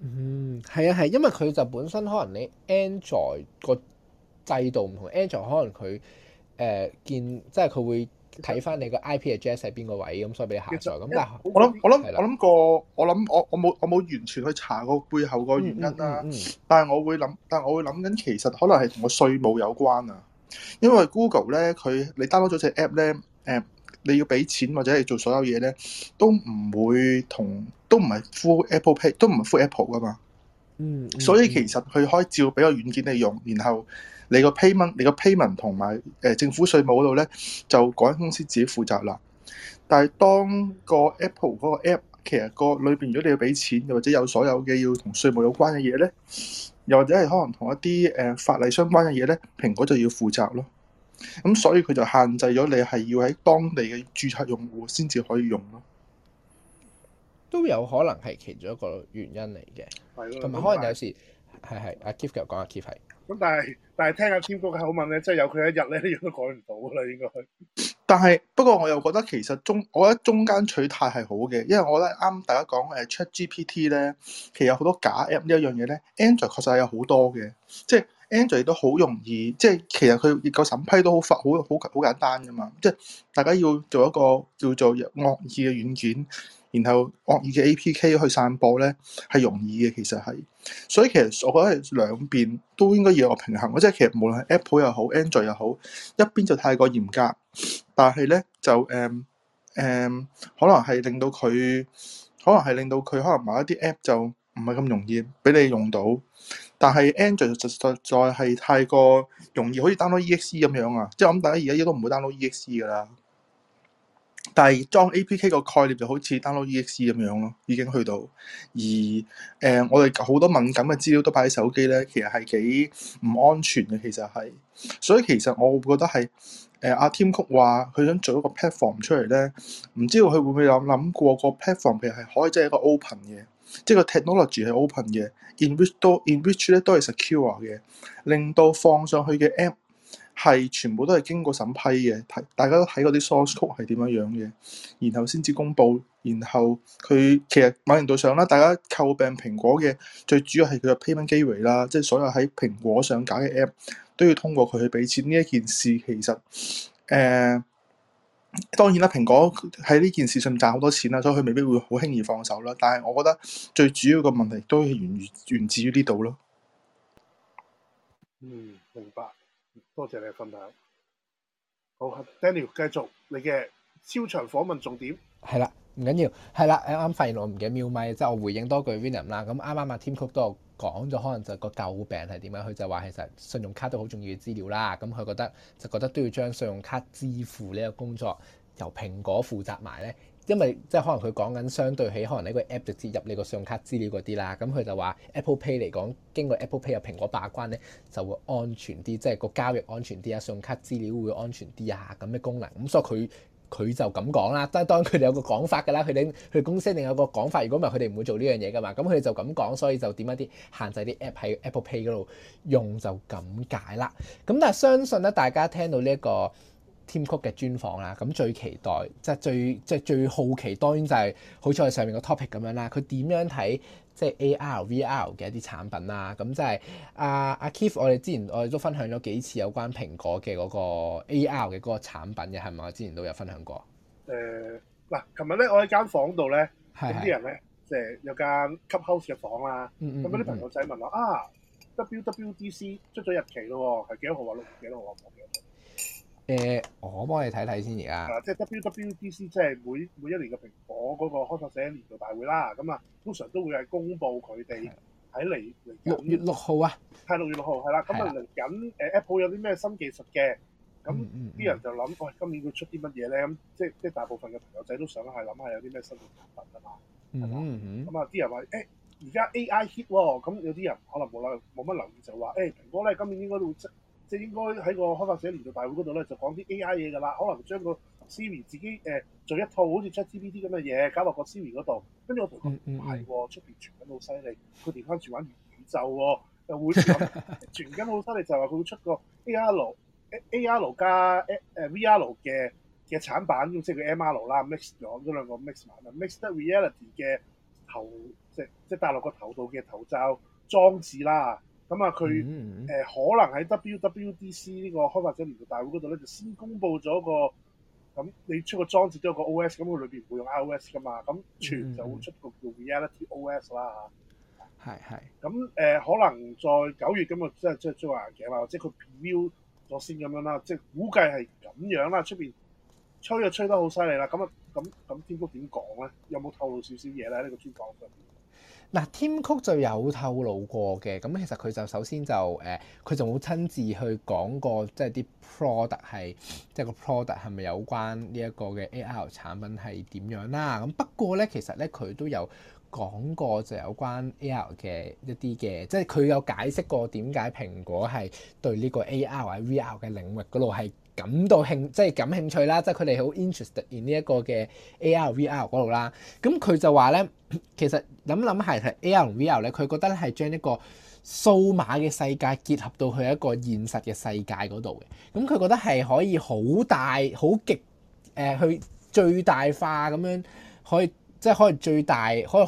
嗯，係啊，係、啊，因為佢就本身可能你 Android 個制度唔同，Android 可能佢誒、呃、見即係佢會睇翻你個 IP address 喺邊個位咁，實所以俾你下載咁。但係我諗我諗、啊、我諗過，我諗我我冇我冇完全去查個背後個原因啦。但係我會諗，但係我會諗緊，其實可能係同個稅務有關啊。因為 Google 咧，佢你 download 咗隻 app 咧，誒、嗯，你要俾錢或者係做所有嘢，咧，都唔會同，都唔係 full Apple Pay，都唔係 full Apple 噶嘛嗯。嗯，所以其實佢開照俾個軟件你用，然後你個 payment，你個 payment 同埋誒政府稅務嗰度咧，就嗰間公司自己負責啦。但係當個 Apple 嗰個 app，其實個裏邊如果你要俾錢又或者有所有嘅要同稅務有關嘅嘢咧，又或者係可能同一啲誒法例相關嘅嘢咧，蘋果就要負責咯。咁、嗯、所以佢就限制咗你係要喺當地嘅註冊用戶先至可以用咯。都有可能係其中一個原因嚟嘅，同埋的可能有時係係 Bye. 阿 Kip 又講，阿 Kip 係。咁但係。但係聽阿天哥嘅口吻咧，即係有佢一日咧，一樣都改唔到噶啦，應該。但係不過我又覺得其實中，我覺得中間取態係好嘅，因為我覺得啱大家講誒 ChatGPT 咧，其實有好多假 App 一呢一樣嘢咧，Android 確實係有好多嘅，即係 Android 都好容易，即係其實佢結構審批都好快，好好好簡單噶嘛，即係大家要做一個叫做惡意嘅軟件。然後惡意嘅 APK 去散播咧，係容易嘅其實係，所以其實我覺得兩邊都應該要有平衡，即係其實無論係 Apple 又好 Android 又好，一邊就太過嚴格，但係咧就誒誒、嗯嗯，可能係令到佢，可能係令到佢，可能某一啲 App 就唔係咁容易俾你用到。但係 Android 實實在係、就是、太過容易，可以 download EXE 咁樣啊！即係我諗大家而家亦都唔會 download EXE 噶啦。但係裝 A P K 個概念就好似 download E X C 咁樣咯，已經去到。而誒、呃，我哋好多敏感嘅資料都擺喺手機咧，其實係幾唔安全嘅。其實係，所以其實我會覺得係誒阿 Tim 曲話佢想做一個 platform 出嚟咧，唔知道佢會唔會諗諗過個 platform 其實係可以即係一個 open 嘅，即係個 technology 係 open 嘅，in which 多 in which 咧都係 secure 嘅，令到放上去嘅 app。係全部都係經過審批嘅，睇大家都睇嗰啲 source code 係點樣嘅，然後先至公佈。然後佢其實某程度上啦，大家詬病蘋果嘅最主要係佢嘅 payment gateway 啦，即係所有喺蘋果上架嘅 app 都要通過佢去俾錢。呢一件事其實誒、呃、當然啦，蘋果喺呢件事上面賺好多錢啦，所以佢未必會好輕易放手啦。但係我覺得最主要嘅問題都係源於源自於呢度咯。嗯，明白。多謝你嘅分享。好，Daniel，繼續你嘅超長訪問重點。係啦，唔緊要，係啦。啱啱發現我唔記得喵咪，即係我回應多句 Vinum 啦。咁啱啱啊，Tim Cook 都有講咗，可能就個舊病係點樣？佢就話其實信用卡都好重要嘅資料啦。咁佢覺得就覺得都要將信用卡支付呢個工作由蘋果負責埋咧。因為即係可能佢講緊，相對起可能呢個 app 就接入你個信用卡資料嗰啲啦，咁佢就話 Apple Pay 嚟講，經過 Apple Pay 嘅蘋果把關咧，就會安全啲，即係個交易安全啲啊，信用卡資料會安全啲啊咁嘅功能。咁所以佢佢就咁講啦，但係當然佢哋有個講法㗎啦，佢哋佢公司一定有個講法。如果唔係，佢哋唔會做呢樣嘢㗎嘛。咁佢哋就咁講，所以就點解啲限制啲 app 喺 Apple Pay 嗰度用就咁解啦。咁但係相信咧，大家聽到呢一個。Tim Cook 嘅專訪啦，咁最期待即係最即係最好奇，當然就係好似我哋上面個 topic 咁樣啦。佢點樣睇即係 AR、VR 嘅一啲產品啦？咁即係阿阿 Keith 我哋之前我哋都分享咗幾次有關蘋果嘅嗰個 AR 嘅嗰個產品嘅，係咪？我之前都有分享過。誒、呃，嗱、啊，琴日咧，我喺間房度咧，咁啲人咧，即、呃、係有間 Clubhouse 嘅房啦。咁嗰啲朋友仔問我嗯嗯嗯啊，WWDC 出咗日期咯，係幾多號啊？六月幾多號啊？誒、欸，我幫你睇睇先而家。誒，即係 WWDC 即係每每一年嘅蘋果嗰個開發者年度大會啦。咁啊，通常都會係公布佢哋喺嚟嚟。的離六月六號月啊？係的六月六號，係啦。咁啊嚟緊誒，Apple 有啲咩新技術嘅？咁啲、嗯嗯嗯、人就諗，喂、哎，今年會出啲乜嘢咧？咁即係即係，大部分嘅朋友仔都想係諗下有啲咩新嘅產品啊嘛。嗯嗯咁啊，啲人話誒，而、欸、家 AI hit 喎，咁有啲人可能冇冇乜留意就話，誒、欸，蘋、欸、果咧今年應該都會。.即係應該喺個開發者年度大會嗰度咧，就講啲 AI 嘢㗎啦。可能將個 Siri 自己誒、呃、做一套好似出 GPT 咁嘅嘢，搞落個 Siri 嗰度。跟住我同學唔係喎，出邊傳緊好犀利，佢哋翻住玩元宇宙喎，又會傳緊好犀利，就係話佢會出個 AR 六笑笑、啊、AR 加誒、啊、VR 嘅嘅產品，即係佢 MR 啦，mix 咗嗰兩個 mix 版 mixed reality 嘅頭，即係即係戴落個頭度嘅頭罩裝置啦。咁啊，佢誒、嗯嗯呃、可能喺 WWDC 呢個開發者年度大會嗰度咧，就先公布咗個咁、嗯、你出個裝置都有個 OS，咁佢裏邊會用 iOS 噶嘛，咁、嗯嗯嗯、全就會出個叫 RealityOS 啦吓，係係是。咁誒、嗯呃、可能再九月咁啊，即係即係出埋眼鏡啊，或者佢 preview 咗先咁樣，樣啦，即係估計係咁樣啦。出邊吹啊吹得好犀利啦，咁啊咁咁天哥點講咧？有冇透露少少嘢咧？呢個專訪嘅？嗱，Tim Cook、啊、就有透露過嘅，咁其實佢就首先就誒，佢、呃、就冇親自去講過，即係啲 product 係，即係個 product 係咪有關呢一個嘅 AR 產品係點樣啦？咁不過咧，其實咧佢都有講過就有關 AR 嘅一啲嘅，即係佢有解釋過點解蘋果係對呢個 AR 或者 VR 嘅領域嗰度係。感到興即係感興趣啦，即係佢哋好 interested in 呢一個嘅 AR、VR 嗰度啦。咁佢就話咧，其實諗諗係係 AR VR 咧，佢覺得係將一個數碼嘅世界結合到去一個現實嘅世界嗰度嘅。咁佢覺得係可以好大、好極誒、呃、去最大化咁樣，可以即係、就是、可以最大可以好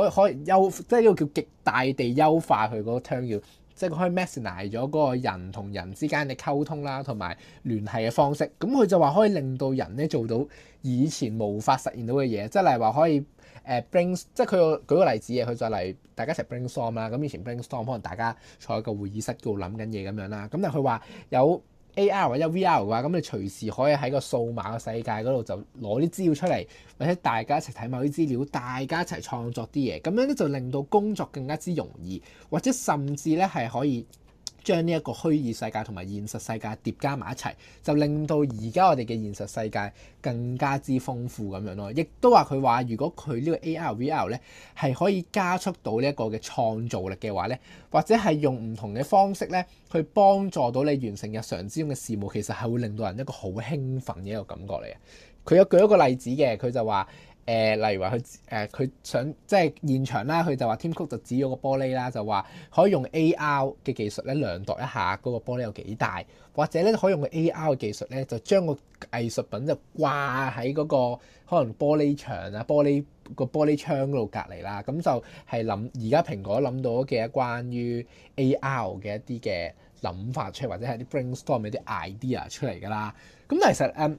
可以可以優，即係呢個叫極大地優化佢嗰個 turn 要。即係佢可以 maximize 咗嗰個人同人之間嘅溝通啦，同埋聯繫嘅方式。咁佢就話可以令到人咧做到以前無法實現到嘅嘢。即係例如話可以誒 bring，即係佢又舉個例子嘅，佢就嚟大家一齊 brainstorm 啦。咁以前 brainstorm 可能大家坐喺個會議室度諗緊嘢咁樣啦。咁但係佢話有，AR 或者 VR 嘅話，咁你隨時可以喺個數碼嘅世界嗰度就攞啲資料出嚟，或者大家一齊睇某啲資料，大家一齊創作啲嘢，咁樣咧就令到工作更加之容易，或者甚至咧係可以。將呢一個虛擬世界同埋現實世界疊加埋一齊，就令到而家我哋嘅現實世界更加之豐富咁樣咯。亦都話佢話，如果佢呢個 ARVR 咧係可以加速到呢一個嘅創造力嘅話咧，或者係用唔同嘅方式咧去幫助到你完成日常之中嘅事務，其實係會令到人一個好興奮嘅一個感覺嚟嘅。佢有舉一個例子嘅，佢就話。誒、呃，例如話佢誒，佢、呃、想即係現場啦，佢就話 Tim Cook 就指咗個玻璃啦，就話可以用 AR 嘅技術咧量度一下嗰、嗰個玻璃有幾大，或者咧可以用個 AR 嘅技術咧就將個藝術品就掛喺嗰個可能玻璃牆啊、玻璃、個玻璃窗嗰度隔離啦，咁就係諗而家蘋果諗到嘅關於 AR 嘅一啲嘅諗法出，或者係啲 brainstorm 嘅啲 idea 出嚟噶啦，咁其實誒。Um,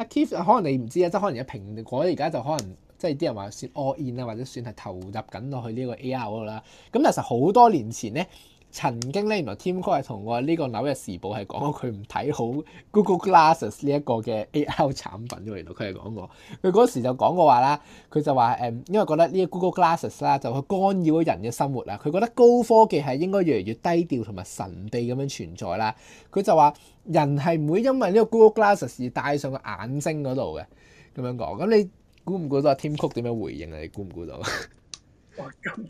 阿 Keith 可能你唔知啊，即係可能蘋果而家就可能即係啲人話說 all in 啊，或者算係投入緊落去呢個 AR 嗰度啦。咁其實好多年前咧。曾經咧，原來 Tim Cook 係同我呢個紐約時報係講過佢唔睇好 Google Glasses 呢一個嘅 AR 產品㗎。因為原來佢係講過，佢嗰時就講過話啦，佢就話誒，因為覺得呢個 Google Glasses 啦，就去干擾咗人嘅生活啦。佢覺得高科技係應該越嚟越低調同埋神秘咁樣存在啦。佢就話人係唔會因為呢個 Google Glasses 而戴上個眼睛嗰度嘅，咁樣講。咁你估唔估到 Tim Cook 點樣回應啊？你估唔估到？今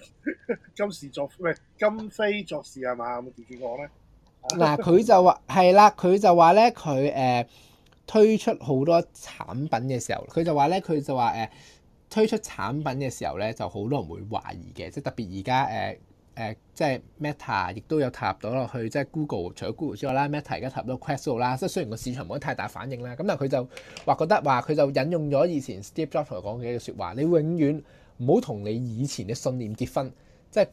今、哦、時作咩？今非作事係嘛？有冇見見過我咧？嗱， 佢就話係啦，佢就話咧，佢誒推出好多產品嘅時候，佢就話咧，佢就話誒推出產品嘅時候咧，就好多人會懷疑嘅，即係特別而家誒誒，即係 Meta 亦都有踏入到落去，即係 Google 除咗 Google 之外啦，Meta 而家踏入到 Quest 度啦，即係雖然個市場冇得太大反應啦，咁但佢就話覺得話，佢就引用咗以前 Steve Jobs 講嘅一句說話，你永遠。唔好同你以前嘅信念結婚，即係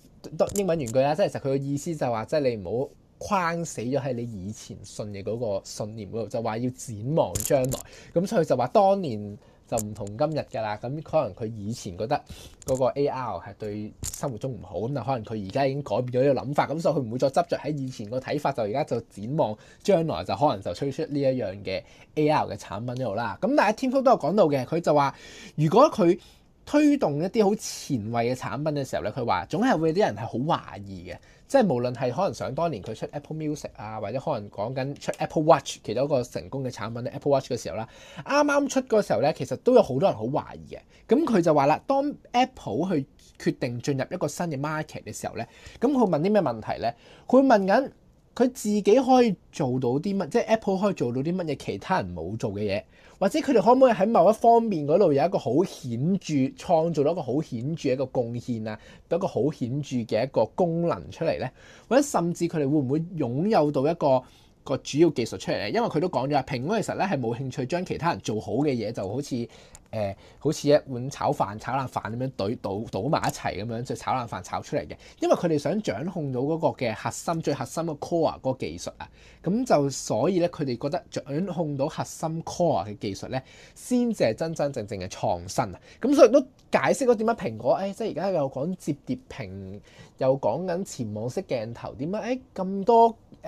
英文原句啦。即係其實佢嘅意思就係話，即係你唔好框死咗喺你以前信嘅嗰個信念嗰度，就話要展望將來。咁所以就話當年就唔同今日㗎啦。咁可能佢以前覺得嗰個 AR 係對生活中唔好，咁但可能佢而家已經改變咗呢個諗法。咁所以佢唔會再執着喺以前個睇法，就而家就展望將來，就可能就推出呢一樣嘅 AR 嘅產品嗰度啦。咁但係天福都有講到嘅，佢就話如果佢。推動一啲好前衞嘅產品嘅時候咧，佢話總係會有啲人係好懷疑嘅，即係無論係可能想當年佢出 Apple Music 啊，或者可能講緊出 Apple Watch，其中一個成功嘅產品 Apple Watch 嘅時候啦，啱啱出嗰時候咧，其實都有好多人好懷疑嘅。咁佢就話啦，當 Apple 去決定進入一個新嘅 market 嘅時候咧，咁佢問啲咩問題咧？佢會問緊。佢自己可以做到啲乜？即係 Apple 可以做到啲乜嘢？其他人冇做嘅嘢，或者佢哋可唔可以喺某一方面嗰度有一個好顯著創造到一個好顯著一個貢獻啊，有一個好顯著嘅一個功能出嚟咧？或者甚至佢哋會唔會擁有到一個。個主要技術出嚟嘅，因為佢都講咗啊，蘋果其實咧係冇興趣將其他人做好嘅嘢，就好似誒、欸，好似一碗炒飯、炒冷飯咁樣，樣，攤倒倒埋一齊咁樣，就炒冷飯炒出嚟嘅。因為佢哋想掌控到嗰個嘅核心、最核心嘅 core 嗰個技術啊，咁就所以咧，佢哋覺得掌控到核心 core 嘅技術咧，先至係真真正正嘅創新啊。咁所以都解釋咗點解蘋果誒、哎，即係而家又講摺疊屏，又講緊潛望式鏡頭，點解誒咁多？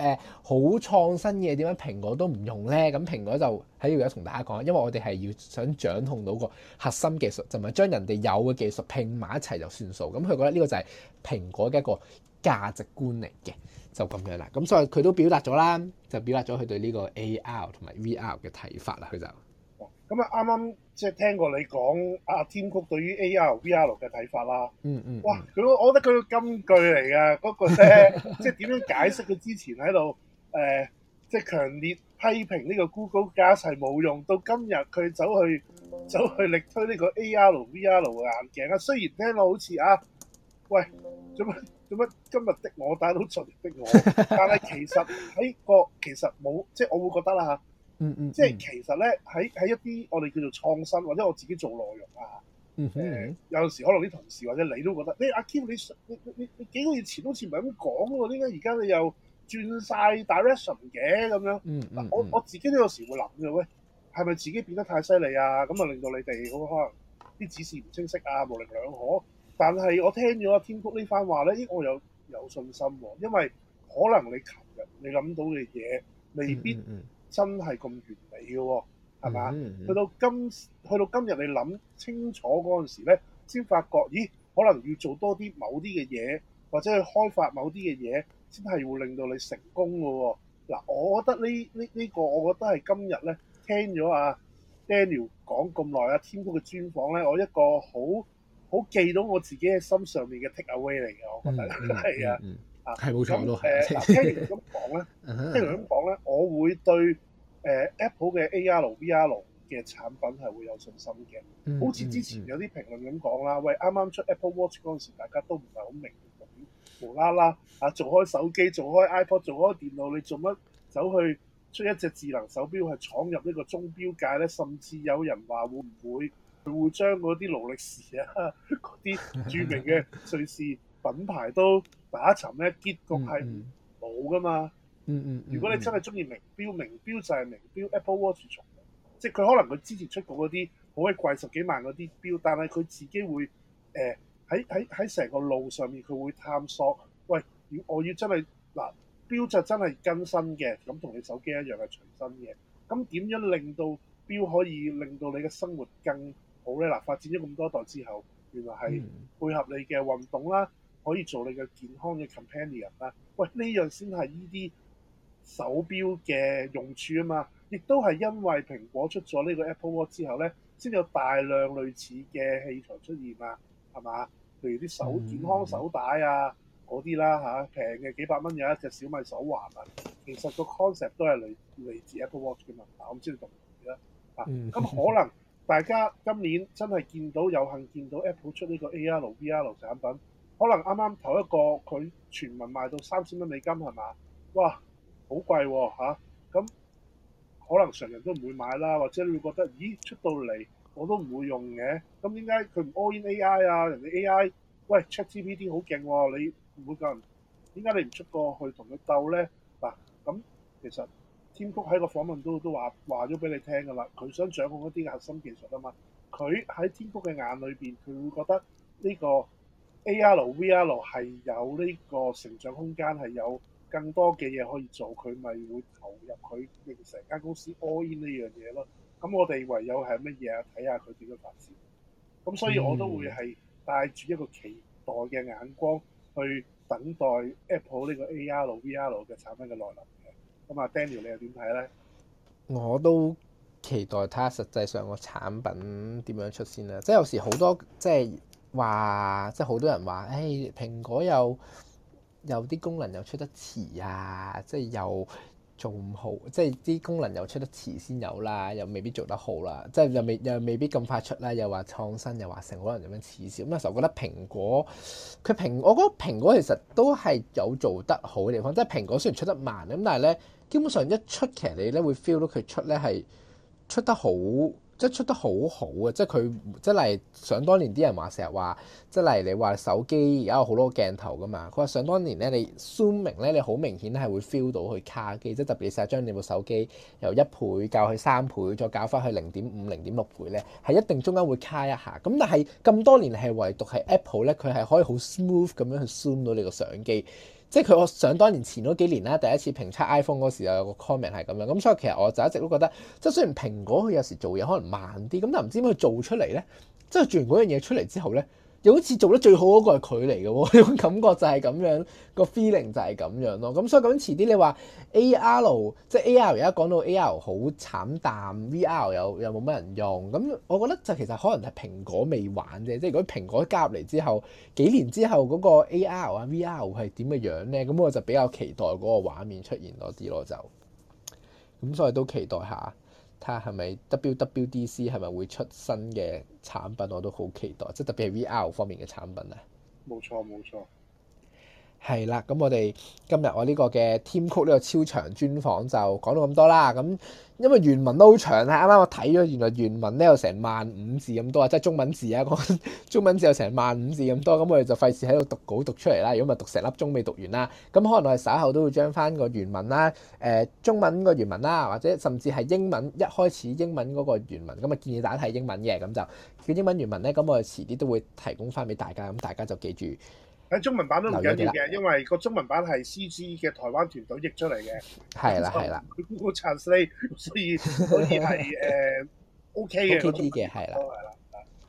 誒好、呃、創新嘅點解蘋果都唔用咧，咁蘋果就喺度有同大家講，因為我哋係要想掌控到個核心技術，就唔、是、係將人哋有嘅技術拼埋一齊就算數。咁佢覺得呢個就係蘋果嘅一個價值觀嚟嘅，就咁樣啦。咁所以佢都表達咗啦，就表達咗佢對呢個 AR 同埋 VR 嘅睇法啦。佢就。咁啊，啱啱即係聽過你講阿 Tim Cook 對於 AR、VR 嘅睇法啦、嗯。嗯嗯。哇，佢我覺得佢個金句嚟嘅嗰個啫，即係點樣解釋佢之前喺度誒，即係強烈批評呢個 Google Glass 係冇用，到今日佢走去走去力推呢個 AR、VR 嘅眼鏡啊。雖然聽到好似啊，喂，做乜做乜？今日的我帶到盡我的、 欸、我，但係其實喺個其實冇，即係我會覺得啦嚇。嗯嗯，嗯即係其實咧，喺喺一啲我哋叫做創新，或者我自己做內容啊，誒，有時可能啲同事或者你都覺得，誒、嗯，阿、嗯、Kim、嗯、你你你你，你，你幾個月前好似唔係咁講喎，點解而家你又轉晒 direction 嘅咁樣？嗱、嗯，嗯嗯、我我自己都有時會諗嘅，喂，係咪自己變得太犀利啊？咁啊令到你哋，咁可能啲指示唔清晰啊，模棱兩可。但係我聽咗阿天福呢番話咧，咦，我又有，有信心喎，因為可能你琴日你諗到嘅嘢未必。真係咁完美嘅喎，係嘛？mm hmm. 去到今去到今日，你諗清楚嗰陣時咧，先發覺，咦？可能要做多啲某啲嘅嘢，或者去開發某啲嘅嘢，先係會令到你成功嘅喎。嗱，我覺得呢呢呢個，我覺得係今日呢，聽咗阿、啊、Daniel 講咁耐啊，天工嘅專訪呢，我一個好好記到我自己喺心上面嘅 take away 嚟嘅，我覺得係啊。係冇錯都係。誒、 呃，聽完咁講咧，聽完咁講咧，我會對誒、呃、Apple 嘅 AR、VR 嘅產品係會有信心嘅。嗯嗯、好似之前有啲評論咁講啦，喂，啱啱出 Apple Watch 嗰陣時，大家都唔係好明，無啦啦啊，做開手機，做開 iPhone，做開電腦，你做乜走去出一隻智能手錶，係闖入個中標呢個鐘錶界咧？甚至有人話會唔會會將嗰啲勞力士啊，嗰 啲著名嘅瑞士品牌都打沉咧，結局係冇㗎嘛。嗯嗯。如果你真係中意名錶，名錶就係名錶。Apple Watch 從來，即係佢可能佢之前出過嗰啲好鬼貴十幾萬嗰啲錶，但係佢自己會誒喺喺喺成個路上面佢會探索。喂，我要真係嗱錶就真係更新嘅，咁同你手機一樣係隨身嘅。咁點樣，樣令到錶可以令到你嘅生活更好咧？嗱、呃，發展咗咁多代之後，原來係配合你嘅運動啦。 可以做你嘅健康嘅 companion 啦、啊。喂，呢樣先係呢啲手錶嘅用處啊嘛。亦都係因為蘋果出咗呢個 Apple Watch 之後呢，先有大量類似嘅器材出現啊，係嘛？譬如啲手健康手帶啊嗰啲啦嚇，平、啊、嘅幾百蚊有一隻小米手環啊。其實個 concept 都係嚟嚟自 Apple Watch 嘅嘛。我唔知你同唔同意。啊，咁可能大家今年真係見到 有幸見到 Apple 出呢個 AR、VR 產品。可能啱啱頭一個佢全民賣到三千蚊美金係嘛？哇，好貴喎吓？咁可能常人都唔會買啦，或者你會覺得咦出到嚟我都唔會用嘅。咁點解佢唔 all in AI 啊？人哋 AI 喂 ChatGPT 好勁喎，你唔會有人點解你唔出過去同佢鬥呢？嗱、啊？咁其實 Tim Cook 喺個訪問都都話話咗俾你聽㗎啦，佢想掌控一啲嘅核心技術啊嘛。佢喺 Tim Cook 嘅眼裏邊，佢會覺得呢、這個。A.R.V.R. 係有呢個成長空間，係有更多嘅嘢可以做，佢咪會投入佢成間公司 all in 呢樣嘢咯。咁我哋唯有係乜嘢啊？睇下佢點樣發展。咁所以我都會係帶住一個期待嘅眼光去等待 Apple 呢個 A.R.V.R. 嘅產品嘅來臨嘅。咁啊，Daniel 你又點睇咧？我都期待睇下實際上個產品點樣出現啊。即係有時好多即係。話即係好多人話，誒、欸、蘋果又有啲功能又出得遲啊！即係又做唔好，即係啲功能又出得遲先有啦，又未必做得好啦，即係又未又未必咁快出啦，又話創新又話成可能咁樣恥笑。咁有時候我覺得蘋果佢蘋，我覺得蘋果其實都係有做得好嘅地方。即係蘋果雖然出得慢咁，但係咧基本上一出其實你咧會 feel 到佢出咧係出得好。即係出得好好啊！即係佢，即係例如，想當年啲人話成日話，即係例如你話手機而家有好多鏡頭噶嘛，佢話想當年咧，你 zoom 明咧，你好明顯係會 feel 到佢卡機，即係特別係將你部手機由一倍校去三倍，再校翻去零點五、零點六倍咧，係一定中間會卡一下。咁但係咁多年係唯獨係 Apple 咧，佢係可以好 smooth 咁樣去 zoom 到你個相機。即係佢，我想當年前嗰幾年啦，第一次評測 iPhone 嗰時候有個 comment 係咁樣，咁、嗯、所以其實我就一直都覺得，即係雖然蘋果佢有時做嘢可能慢啲，咁但唔知點解做出嚟咧，即係做完嗰樣嘢出嚟之後咧。又好似做得最好嗰個係佢嚟嘅喎，呢種 感覺就係咁樣，個 feeling 就係咁樣咯。咁所以咁遲啲你話 AR, AR 即係 AR 而家講到 AR 好慘淡，VR 又有冇乜人用？咁我覺得就其實可能係蘋果未玩啫。即係如果蘋果加入嚟之後，幾年之後嗰個 AR 啊 VR 係點嘅樣咧？咁我就比較期待嗰個畫面出現多啲咯。就咁，所以都期待下。睇下係咪 WWDC 係咪會出新嘅產品？我都好期待，即係特別係 VR 方面嘅產品啊！冇錯，冇錯。係啦，咁我哋今日我呢個嘅 Tim Cook 呢個超長專訪就講到咁多啦。咁因為原文都好長啦，啱啱我睇咗，原來原文咧有成萬五字咁多啊，即係中文字啊，個中文字有成萬五字咁多。咁我哋就費事喺度讀稿讀出嚟啦，如果唔係讀成粒鐘未讀完啦。咁可能我哋稍後都會將翻個原文啦，誒、呃、中文個原文啦，或者甚至係英文一開始英文嗰個原文。咁啊建議大家睇英文嘅，咁就叫英文原文咧。咁我哋遲啲都會提供翻俾大家，咁大家就記住。喺中文版都唔緊要嘅，因為個中文版係 C G 嘅台灣團隊譯出嚟嘅，係啦，係啦，佢冇拆 s 所以所以係誒 O K 嘅，O K 嘅係啦。